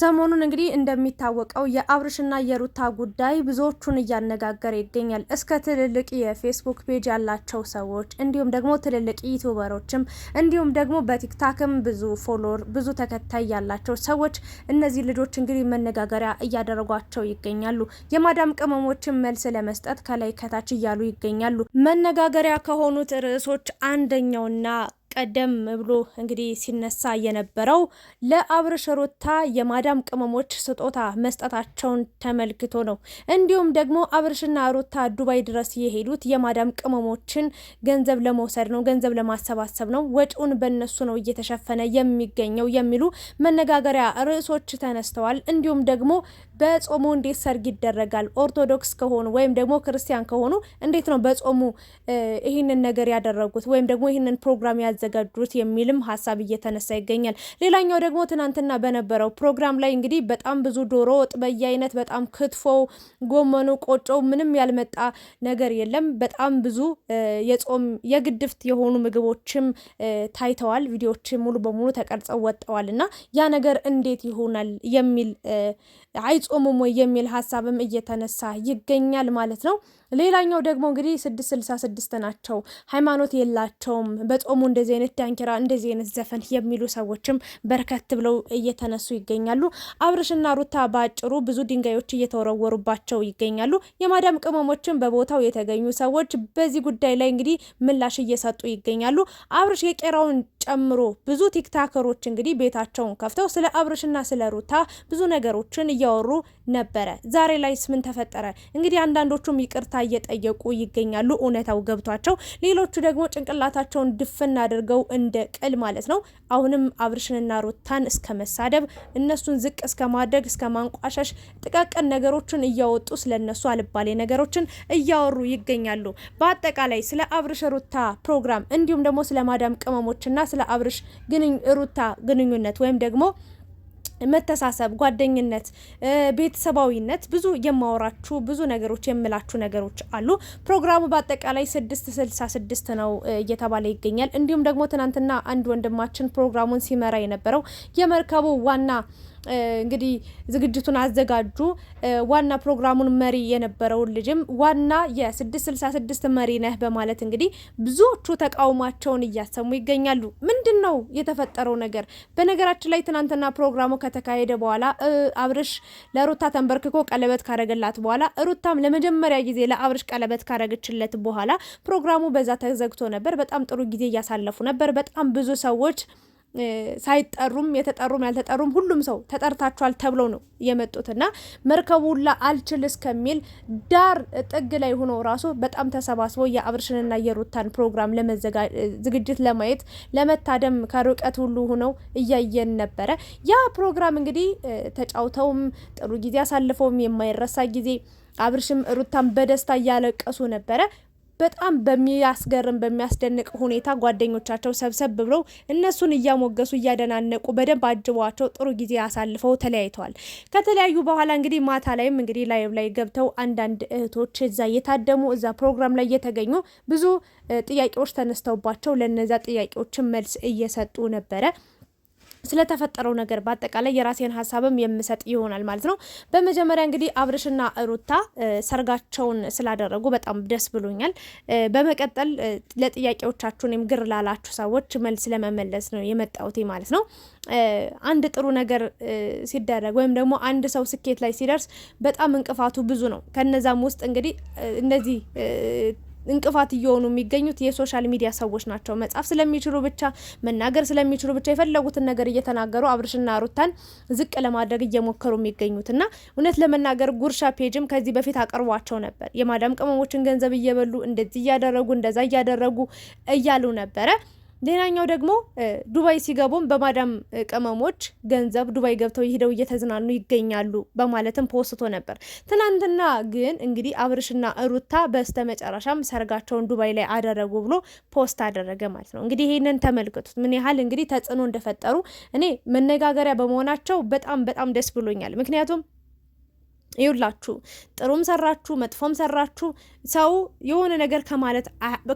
ሰሞኑን እንግዲህ እንደሚታወቀው የአብርሽና የሩታ ጉዳይ ብዙዎቹን እያነጋገረ ይገኛል። እስከ ትልልቅ የፌስቡክ ፔጅ ያላቸው ሰዎች እንዲሁም ደግሞ ትልልቅ ዩቱበሮችም እንዲሁም ደግሞ በቲክታክም ብዙ ፎሎወር ብዙ ተከታይ ያላቸው ሰዎች እነዚህ ልጆች እንግዲህ መነጋገሪያ እያደረጓቸው ይገኛሉ። የማዳም ቅመሞችን መልስ ለመስጠት ከላይ ከታች እያሉ ይገኛሉ። መነጋገሪያ ከሆኑት ርዕሶች አንደኛውና ቀደም ብሎ እንግዲህ ሲነሳ የነበረው ለአብርሽ ሩታ የማዳም ቅመሞች ስጦታ መስጠታቸውን ተመልክቶ ነው። እንዲሁም ደግሞ አብርሽና ሩታ ዱባይ ድረስ የሄዱት የማዳም ቅመሞችን ገንዘብ ለመውሰድ ነው፣ ገንዘብ ለማሰባሰብ ነው፣ ወጪውን በእነሱ ነው እየተሸፈነ የሚገኘው የሚሉ መነጋገሪያ ርዕሶች ተነስተዋል። እንዲሁም ደግሞ በጾሙ እንዴት ሰርግ ይደረጋል? ኦርቶዶክስ ከሆኑ ወይም ደግሞ ክርስቲያን ከሆኑ እንዴት ነው በጾሙ ይህንን ነገር ያደረጉት ወይም ደግሞ ይህንን ፕሮግራም ያዘጋጁት የሚልም ሀሳብ እየተነሳ ይገኛል። ሌላኛው ደግሞ ትናንትና በነበረው ፕሮግራም ላይ እንግዲህ በጣም ብዙ ዶሮ ወጥ በየአይነት በጣም ክትፎ፣ ጎመኑ፣ ቆጮው ምንም ያልመጣ ነገር የለም። በጣም ብዙ የጾም የግድፍት የሆኑ ምግቦችም ታይተዋል። ቪዲዮዎች ሙሉ በሙሉ ተቀርጸው ወጥተዋል እና ያ ነገር እንዴት ይሆናል የሚል አይጾምም ወይ የሚል ሀሳብም እየተነሳ ይገኛል ማለት ነው። ሌላኛው ደግሞ እንግዲህ ስድስት ስልሳ ስድስት ናቸው። ሃይማኖት የላቸውም በጾሙ እንደዚህ አይነት ዳንኪራ እንደዚህ አይነት ዘፈን የሚሉ ሰዎችም በርከት ብለው እየተነሱ ይገኛሉ። አብርሽና ሩታ በአጭሩ ብዙ ድንጋዮች እየተወረወሩባቸው ይገኛሉ። የማዳም ቅመሞችን በቦታው የተገኙ ሰዎች በዚህ ጉዳይ ላይ እንግዲህ ምላሽ እየሰጡ ይገኛሉ። አብርሽ የቄራውን ጨምሮ ብዙ ቲክታከሮች እንግዲህ ቤታቸውን ከፍተው ስለ አብርሽና ስለ ሩታ ብዙ ነገሮችን እያወሩ ነበረ። ዛሬ ላይስ ምን ተፈጠረ? እንግዲህ አንዳንዶቹም ይቅርታ እየጠየቁ ይገኛሉ። እውነታው ገብቷቸው፣ ሌሎቹ ደግሞ ጭንቅላታቸውን ድፍን አድርገው እንደ ቅል ማለት ነው አሁንም አብርሽንና ሩታን እስከ መሳደብ እነሱን ዝቅ እስከ ማድረግ እስከ ማንቋሸሽ ጥቃቅን ነገሮችን እያወጡ ስለነሱ አልባሌ ነገሮችን እያወሩ ይገኛሉ። በአጠቃላይ ስለ አብርሽ ሩታ ፕሮግራም እንዲሁም ደግሞ ስለ ማዳም ቅመሞችና ስለ አብርሽ ሩታ ግንኙነት ወይም ደግሞ መተሳሰብ፣ ጓደኝነት፣ ቤተሰባዊነት ብዙ የማወራችሁ ብዙ ነገሮች የምላችሁ ነገሮች አሉ። ፕሮግራሙ በአጠቃላይ ስድስት ስልሳ ስድስት ነው እየተባለ ይገኛል። እንዲሁም ደግሞ ትናንትና አንድ ወንድማችን ፕሮግራሙን ሲመራ የነበረው የመርከቡ ዋና እንግዲህ ዝግጅቱን አዘጋጁ። ዋና ፕሮግራሙን መሪ የነበረውን ልጅም ዋና የ666 መሪ ነህ በማለት እንግዲህ ብዙዎቹ ተቃውሟቸውን እያሰሙ ይገኛሉ። ምንድን ነው የተፈጠረው ነገር? በነገራችን ላይ ትናንትና ፕሮግራሙ ከተካሄደ በኋላ አብርሽ ለሩታ ተንበርክኮ ቀለበት ካረገላት በኋላ ሩታም ለመጀመሪያ ጊዜ ለአብርሽ ቀለበት ካረገችለት በኋላ ፕሮግራሙ በዛ ተዘግቶ ነበር። በጣም ጥሩ ጊዜ እያሳለፉ ነበር። በጣም ብዙ ሰዎች ሳይጠሩም የተጠሩም ያልተጠሩም ሁሉም ሰው ተጠርታችኋል ተብለው ነው የመጡት እና መርከቡላ አልችል እስከሚል ዳር ጥግ ላይ ሆኖ ራሱ በጣም ተሰባስበው የአብርሽንና የሩታን ፕሮግራም ዝግጅት ለማየት ለመታደም ከርቀት ሁሉ ሆነው እያየን ነበረ። ያ ፕሮግራም እንግዲህ ተጫውተውም ጥሩ ጊዜ አሳልፈውም የማይረሳ ጊዜ አብርሽም ሩታን በደስታ እያለቀሱ ነበረ። በጣም በሚያስገርም በሚያስደንቅ ሁኔታ ጓደኞቻቸው ሰብሰብ ብለው እነሱን እያሞገሱ እያደናነቁ በደንብ አጅቧቸው ጥሩ ጊዜ አሳልፈው ተለያይተዋል። ከተለያዩ በኋላ እንግዲህ ማታ ላይም እንግዲህ ላይቭ ላይ ገብተው አንዳንድ እህቶች እዛ እየታደሙ እዛ ፕሮግራም ላይ እየተገኙ ብዙ ጥያቄዎች ተነስተውባቸው ለነዛ ጥያቄዎችን መልስ እየሰጡ ነበረ። ስለተፈጠረው ነገር በአጠቃላይ የራሴን ሀሳብም የምሰጥ ይሆናል ማለት ነው። በመጀመሪያ እንግዲህ አብርሽና ሩታ ሰርጋቸውን ስላደረጉ በጣም ደስ ብሎኛል። በመቀጠል ለጥያቄዎቻችሁ ወይም ግር ላላችሁ ሰዎች መልስ ለመመለስ ነው የመጣሁት ማለት ነው። አንድ ጥሩ ነገር ሲደረግ ወይም ደግሞ አንድ ሰው ስኬት ላይ ሲደርስ በጣም እንቅፋቱ ብዙ ነው። ከነዛም ውስጥ እንግዲህ እነዚህ እንቅፋት እየሆኑ የሚገኙት የሶሻል ሚዲያ ሰዎች ናቸው። መጻፍ ስለሚችሉ ብቻ መናገር ስለሚችሉ ብቻ የፈለጉትን ነገር እየተናገሩ አብርሽና ሩታን ዝቅ ለማድረግ እየሞከሩ የሚገኙት እና እውነት ለመናገር ጉርሻ ፔጅም ከዚህ በፊት አቅርቧቸው ነበር። የማዳም ቅመሞችን ገንዘብ እየበሉ እንደዚህ እያደረጉ እንደዛ እያደረጉ እያሉ ነበረ። ሌላኛው ደግሞ ዱባይ ሲገቡም በማዳም ቅመሞች ገንዘብ ዱባይ ገብተው ሄደው እየተዝናኑ ይገኛሉ በማለትም ፖስቶ ነበር። ትናንትና ግን እንግዲህ አብርሽና ሩታ በስተመጨረሻም ሰርጋቸውን ዱባይ ላይ አደረጉ ብሎ ፖስት አደረገ ማለት ነው። እንግዲህ ይህንን ተመልክቱት ምን ያህል እንግዲህ ተጽዕኖ እንደፈጠሩ እኔ መነጋገሪያ በመሆናቸው በጣም በጣም ደስ ብሎኛል። ምክንያቱም ይውላችሁ ጥሩም ሰራችሁ መጥፎም ሰራችሁ ሰው የሆነ ነገር ከማለት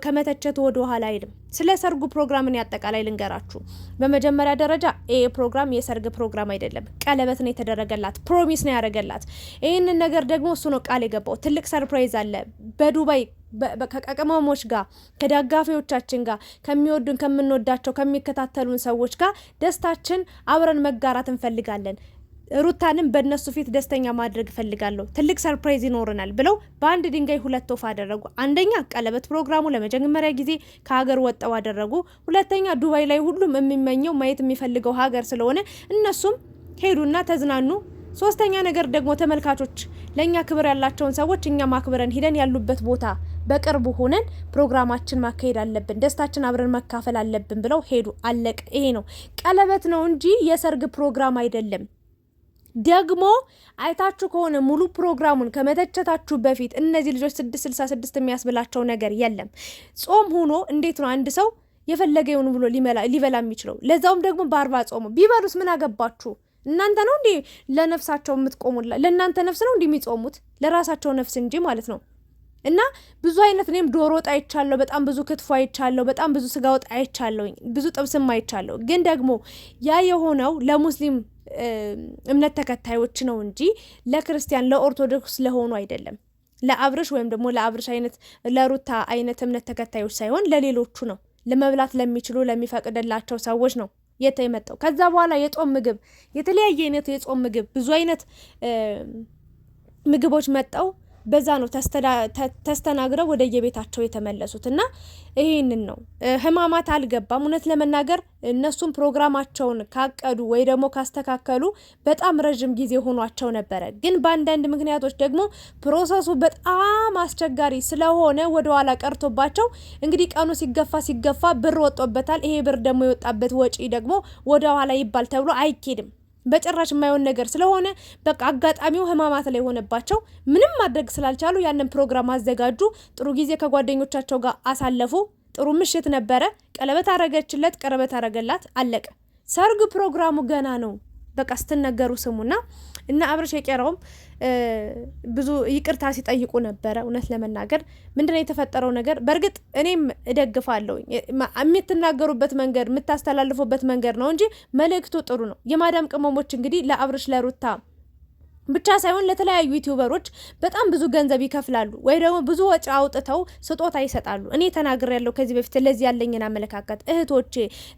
ከመተቸት ወደ ኋላ አይልም። ስለ ሰርጉ ፕሮግራምን ያጠቃላይ ልንገራችሁ። በመጀመሪያ ደረጃ ይሄ ፕሮግራም የሰርግ ፕሮግራም አይደለም። ቀለበት ነው የተደረገላት፣ ፕሮሚስ ነው ያደረገላት። ይህንን ነገር ደግሞ እሱ ነው ቃል የገባው። ትልቅ ሰርፕራይዝ አለ በዱባይ ከቀቀማሞች ጋር ከደጋፊዎቻችን ጋር ከሚወዱን ከምንወዳቸው ከሚከታተሉን ሰዎች ጋር ደስታችን አብረን መጋራት እንፈልጋለን። ሩታንም በእነሱ ፊት ደስተኛ ማድረግ እፈልጋለሁ፣ ትልቅ ሰርፕራይዝ ይኖረናል ብለው በአንድ ድንጋይ ሁለት ወፍ አደረጉ። አንደኛ ቀለበት ፕሮግራሙ ለመጀመሪያ ጊዜ ከሀገር ወጠው አደረጉ። ሁለተኛ ዱባይ ላይ ሁሉም የሚመኘው ማየት የሚፈልገው ሀገር ስለሆነ እነሱም ሄዱና ተዝናኑ። ሶስተኛ ነገር ደግሞ ተመልካቾች ለእኛ ክብር ያላቸውን ሰዎች እኛ ማክብረን ሂደን ያሉበት ቦታ በቅርቡ ሆነን ፕሮግራማችን ማካሄድ አለብን፣ ደስታችን አብረን መካፈል አለብን ብለው ሄዱ። አለቀ። ይሄ ነው ቀለበት ነው እንጂ የሰርግ ፕሮግራም አይደለም። ደግሞ አይታችሁ ከሆነ ሙሉ ፕሮግራሙን ከመተቸታችሁ በፊት እነዚህ ልጆች ስድስት ስልሳ ስድስት የሚያስብላቸው ነገር የለም። ጾም ሆኖ እንዴት ነው አንድ ሰው የፈለገ የፈለገውን ብሎ ሊበላ የሚችለው? ለዛውም ደግሞ በአርባ ጾሙ ቢበሉስ ምን አገባችሁ? እናንተ ነው እንዲህ ለነፍሳቸው የምትቆሙላ? ለእናንተ ነፍስ ነው እንዲህ የሚጾሙት ለራሳቸው ነፍስ እንጂ ማለት ነው። እና ብዙ አይነት እኔም ዶሮ ወጥ አይቻለሁ፣ በጣም ብዙ ክትፎ አይቻለሁ፣ በጣም ብዙ ስጋ ወጥ አይቻለሁኝ፣ ብዙ ጥብስም አይቻለሁ። ግን ደግሞ ያ የሆነው ለሙስሊም እምነት ተከታዮች ነው እንጂ ለክርስቲያን ለኦርቶዶክስ ለሆኑ አይደለም። ለአብርሽ ወይም ደግሞ ለአብርሽ አይነት ለሩታ አይነት እምነት ተከታዮች ሳይሆን ለሌሎቹ ነው። ለመብላት ለሚችሉ ለሚፈቅድላቸው ሰዎች ነው የተ ከዛ በኋላ የጾም ምግብ የተለያየ አይነት የጾም ምግብ ብዙ አይነት ምግቦች መጠው በዛ ነው ተስተናግረው ወደ የቤታቸው የተመለሱት እና ይህንን ነው ህማማት አልገባም። እውነት ለመናገር እነሱም ፕሮግራማቸውን ካቀዱ ወይ ደግሞ ካስተካከሉ በጣም ረዥም ጊዜ ሆኗቸው ነበረ። ግን በአንዳንድ ምክንያቶች ደግሞ ፕሮሰሱ በጣም አስቸጋሪ ስለሆነ ወደኋላ ቀርቶባቸው እንግዲህ ቀኑ ሲገፋ ሲገፋ ብር ወጦበታል። ይሄ ብር ደግሞ የወጣበት ወጪ ደግሞ ወደኋላ ይባል ተብሎ አይኬድም። በጭራሽ የማይሆን ነገር ስለሆነ በቃ አጋጣሚው ህማማት ላይ ሆነባቸው። ምንም ማድረግ ስላልቻሉ ያንን ፕሮግራም አዘጋጁ። ጥሩ ጊዜ ከጓደኞቻቸው ጋር አሳለፉ። ጥሩ ምሽት ነበረ። ቀለበት አረገችለት፣ ቀለበት አረገላት፣ አለቀ። ሰርግ ፕሮግራሙ ገና ነው። በቃ ስትነገሩ ስሙና እና አብርሽ የቀረውም ብዙ ይቅርታ ሲጠይቁ ነበረ። እውነት ለመናገር ምንድነው የተፈጠረው ነገር? በእርግጥ እኔም እደግፋለሁ። የምትናገሩበት መንገድ፣ የምታስተላልፉበት መንገድ ነው እንጂ መልእክቱ ጥሩ ነው። የማዳም ቅመሞች እንግዲህ ለአብርሽ ለሩታ ብቻ ሳይሆን ለተለያዩ ዩቲዩበሮች በጣም ብዙ ገንዘብ ይከፍላሉ፣ ወይ ደግሞ ብዙ ወጪ አውጥተው ስጦታ ይሰጣሉ። እኔ ተናግር ያለው ከዚህ በፊት ለዚህ ያለኝን አመለካከት እህቶቼ፣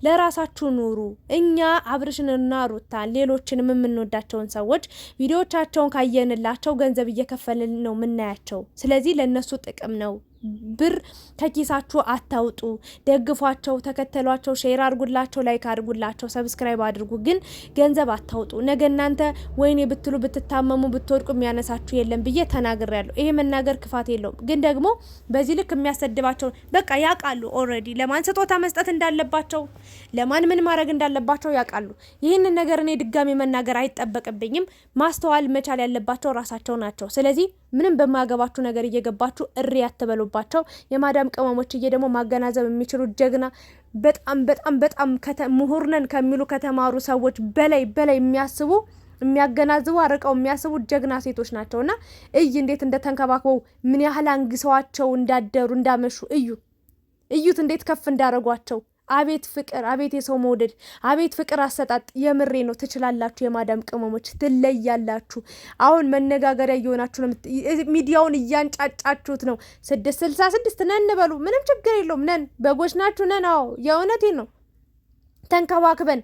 ለራሳችሁ ኑሩ። እኛ አብርሽንና ሩታን ሌሎችንም የምንወዳቸውን ሰዎች ቪዲዮቻቸውን ካየንላቸው ገንዘብ እየከፈልን ነው የምናያቸው። ስለዚህ ለእነሱ ጥቅም ነው ብር ከኪሳችሁ አታውጡ። ደግፏቸው፣ ተከተሏቸው፣ ሼር አድርጉላቸው፣ ላይክ አድርጉላቸው፣ ሰብስክራይብ አድርጉ። ግን ገንዘብ አታውጡ። ነገ እናንተ ወይኔ ብትሉ ብትታመሙ ብትወድቁ የሚያነሳችሁ የለም ብዬ ተናግሬ ያለሁ። ይሄ መናገር ክፋት የለውም። ግን ደግሞ በዚህ ልክ የሚያሰድባቸው በቃ ያውቃሉ። ኦልሬዲ ለማን ስጦታ መስጠት እንዳለባቸው፣ ለማን ምን ማድረግ እንዳለባቸው ያውቃሉ። ይህንን ነገር እኔ ድጋሚ መናገር አይጠበቅብኝም። ማስተዋል መቻል ያለባቸው ራሳቸው ናቸው። ስለዚህ ምንም በማያገባችሁ ነገር እየገባችሁ እሪ አትበሉ። ያሉባቸው የማዳም ቅመሞችዬ ደግሞ ማገናዘብ የሚችሉ ጀግና በጣም በጣም በጣም ምሁርነን ከሚሉ ከተማሩ ሰዎች በላይ በላይ የሚያስቡ የሚያገናዝቡ አርቀው የሚያስቡ ጀግና ሴቶች ናቸው። እና እይ እንዴት እንደተንከባክበው ምን ያህል አንግሰዋቸው እንዳደሩ እንዳመሹ እዩ እዩት እንዴት ከፍ እንዳደረጓቸው አቤት ፍቅር፣ አቤት የሰው መውደድ፣ አቤት ፍቅር አሰጣጥ። የምሬ ነው። ትችላላችሁ፣ የማዳም ቅመሞች ትለያላችሁ። አሁን መነጋገሪያ እየሆናችሁ ነው። ሚዲያውን እያንጫጫችሁት ነው። ስድስት ስልሳ ስድስት ነን በሉ፣ ምንም ችግር የለውም። ነን በጎች ናችሁ፣ ነን። አዎ የእውነቴ ነው። ተንከባክበን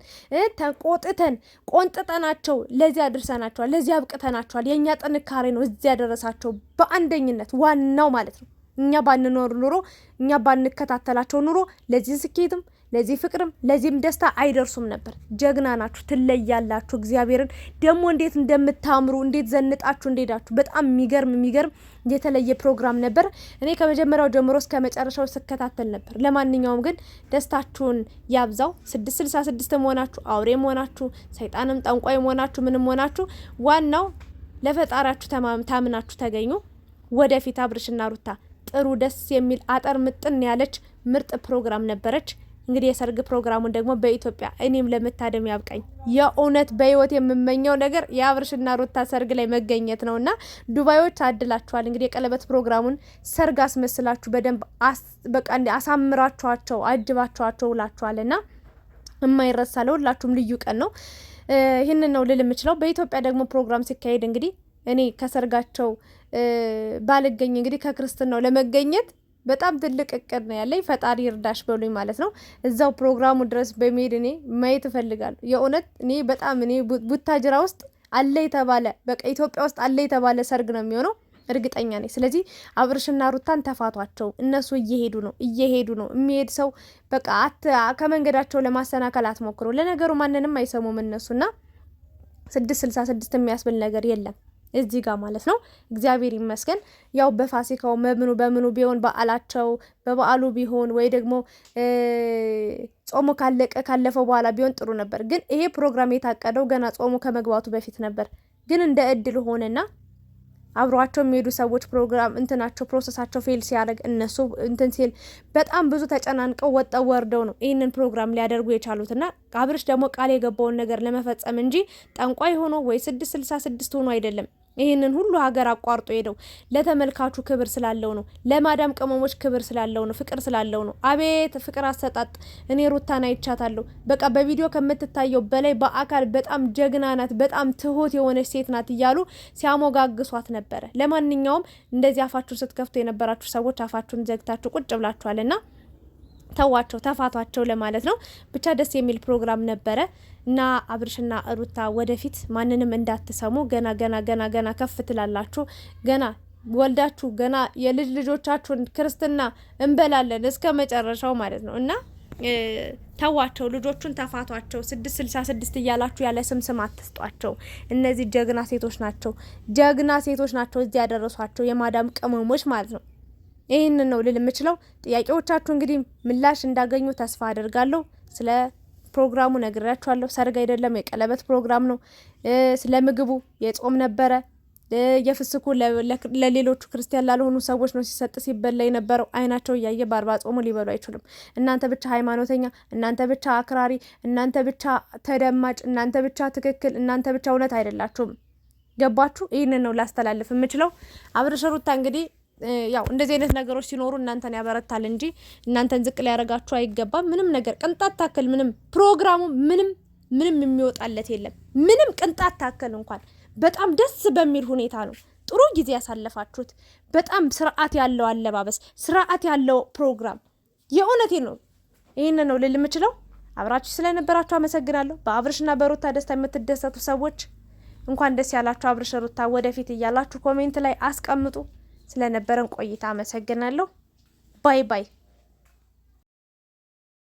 ተቆጥተን ቆንጥጠናቸው ለዚህ አድርሰናቸዋል፣ ለዚህ አብቅተናቸዋል። የእኛ ጥንካሬ ነው እዚህ ያደረሳቸው በአንደኝነት ዋናው ማለት ነው። እኛ ባንኖር ኑሮ እኛ ባንከታተላቸው ኑሮ ለዚህ ስኬትም ለዚህ ፍቅርም ለዚህም ደስታ አይደርሱም ነበር። ጀግና ናችሁ፣ ትለያላችሁ። እግዚአብሔርን ደግሞ እንዴት እንደምታምሩ እንዴት ዘንጣችሁ እንደሄዳችሁ በጣም የሚገርም የሚገርም የተለየ ፕሮግራም ነበር። እኔ ከመጀመሪያው ጀምሮ እስከ መጨረሻው ስከታተል ነበር። ለማንኛውም ግን ደስታችሁን ያብዛው። ስድስት ስልሳ ስድስት መሆናችሁ፣ አውሬ መሆናችሁ፣ ሰይጣንም ጠንቋይ መሆናችሁ፣ ምንም መሆናችሁ፣ ዋናው ለፈጣሪያችሁ ታምናችሁ ተገኙ። ወደፊት አብርሽና ሩታ ጥሩ ደስ የሚል አጠር ምጥን ያለች ምርጥ ፕሮግራም ነበረች። እንግዲህ የሰርግ ፕሮግራሙን ደግሞ በኢትዮጵያ እኔም ለመታደም ያብቃኝ። የእውነት በህይወት የምመኘው ነገር የአብርሽና ሩታ ሰርግ ላይ መገኘት ነው እና ዱባዮች አድላችኋል። እንግዲህ የቀለበት ፕሮግራሙን ሰርግ አስመስላችሁ በደንብ በቃ አሳምራችኋቸው አጅባችኋቸው ውላችኋል እና የማይረሳ ለሁላችሁም ልዩ ቀን ነው። ይህንን ነው ልል የምችለው። በኢትዮጵያ ደግሞ ፕሮግራም ሲካሄድ እንግዲህ እኔ ከሰርጋቸው ባልገኝ እንግዲህ ከክርስትናው ለመገኘት በጣም ትልቅ እቅድ ነው ያለኝ። ፈጣሪ እርዳሽ በሉኝ ማለት ነው። እዛው ፕሮግራሙ ድረስ በመሄድ እኔ ማየት እፈልጋለሁ። የእውነት እኔ በጣም እኔ ቡታጅራ ውስጥ አለ የተባለ በቃ ኢትዮጵያ ውስጥ አለ የተባለ ሰርግ ነው የሚሆነው እርግጠኛ ነኝ። ስለዚህ አብርሽና ሩታን ተፋቷቸው። እነሱ እየሄዱ ነው እየሄዱ ነው። የሚሄድ ሰው በቃ ከመንገዳቸው ለማሰናከል አትሞክሩ። ለነገሩ ማንንም አይሰሙም እነሱና ስድስት ስልሳ ስድስት የሚያስብል ነገር የለም። እዚህ ጋር ማለት ነው። እግዚአብሔር ይመስገን። ያው በፋሲካው በምኑ በምኑ ቢሆን በዓላቸው በበዓሉ ቢሆን ወይ ደግሞ ጾሙ ካለቀ ካለፈው በኋላ ቢሆን ጥሩ ነበር። ግን ይሄ ፕሮግራም የታቀደው ገና ጾሙ ከመግባቱ በፊት ነበር። ግን እንደ እድል ሆነና አብሯቸው የሚሄዱ ሰዎች ፕሮግራም እንትናቸው ፕሮሰሳቸው ፌል ሲያደርግ እነሱ እንትን ሲል በጣም ብዙ ተጨናንቀው ወጠው ወርደው ነው ይህንን ፕሮግራም ሊያደርጉ የቻሉት። እና አብርሽ ደግሞ ቃል የገባውን ነገር ለመፈጸም እንጂ ጠንቋይ ሆኖ ወይ ስድስት ስልሳ ስድስት ሆኖ አይደለም። ይህንን ሁሉ ሀገር አቋርጦ ሄደው ለተመልካቹ ክብር ስላለው ነው። ለማዳም ቅመሞች ክብር ስላለው ነው። ፍቅር ስላለው ነው። አቤት ፍቅር አሰጣጥ! እኔ ሩታን አይቻታለሁ። በቃ በቪዲዮ ከምትታየው በላይ በአካል በጣም ጀግና ናት፣ በጣም ትሆት የሆነች ሴት ናት እያሉ ሲያሞጋግሷት ነበረ። ለማንኛውም እንደዚህ አፋችሁን ስትከፍቱ የነበራችሁ ሰዎች አፋችሁን ዘግታችሁ ቁጭ ብላችኋልና ተዋቸው፣ ተፋቷቸው ለማለት ነው። ብቻ ደስ የሚል ፕሮግራም ነበረ እና አብርሽና ሩታ ወደፊት ማንንም እንዳትሰሙ ገና ገና ገና ገና ከፍ ትላላችሁ ገና ወልዳችሁ ገና የልጅ ልጆቻችሁን ክርስትና እንበላለን እስከ መጨረሻው ማለት ነው እና ተዋቸው ልጆቹን ተፋቷቸው። ስድስት ስልሳ ስድስት እያላችሁ ያለ ስም ስም አትስጧቸው። እነዚህ ጀግና ሴቶች ናቸው፣ ጀግና ሴቶች ናቸው እዚህ ያደረሷቸው የማዳም ቅመሞች ማለት ነው። ይህንን ነው ልል የምችለው። ጥያቄዎቻችሁ እንግዲህ ምላሽ እንዳገኙ ተስፋ አደርጋለሁ። ስለ ፕሮግራሙ ነግሬያችኋለሁ። ሰርግ አይደለም የቀለበት ፕሮግራም ነው። ስለ ምግቡ የጾም ነበረ። የፍስኩ ለሌሎቹ ክርስቲያን ላልሆኑ ሰዎች ነው ሲሰጥ ሲበላ የነበረው። አይናቸው እያየ በአርባ ጾሙ ሊበሉ አይችሉም። እናንተ ብቻ ሃይማኖተኛ፣ እናንተ ብቻ አክራሪ፣ እናንተ ብቻ ተደማጭ፣ እናንተ ብቻ ትክክል፣ እናንተ ብቻ እውነት አይደላችሁም። ገባችሁ? ይህንን ነው ላስተላልፍ የምችለው። አብርሽ ሩታ እንግዲህ ያው እንደዚህ አይነት ነገሮች ሲኖሩ እናንተን ያበረታል እንጂ እናንተን ዝቅ ሊያደርጋችሁ አይገባም። ምንም ነገር ቅንጣት ታክል ምንም ፕሮግራሙ ምንም ምንም የሚወጣለት የለም። ምንም ቅንጣት ታክል እንኳን በጣም ደስ በሚል ሁኔታ ነው ጥሩ ጊዜ ያሳለፋችሁት። በጣም ስርዓት ያለው አለባበስ፣ ስርዓት ያለው ፕሮግራም። የእውነቴ ነው። ይህን ነው ልል የምችለው። አብራችሁ ስለነበራችሁ አመሰግናለሁ። በአብርሽና በሩታ ደስታ የምትደሰቱ ሰዎች እንኳን ደስ ያላችሁ። አብርሽ ሩታ ወደፊት እያላችሁ ኮሜንት ላይ አስቀምጡ። ስለነበረን ቆይታ አመሰግናለሁ። ባይ ባይ።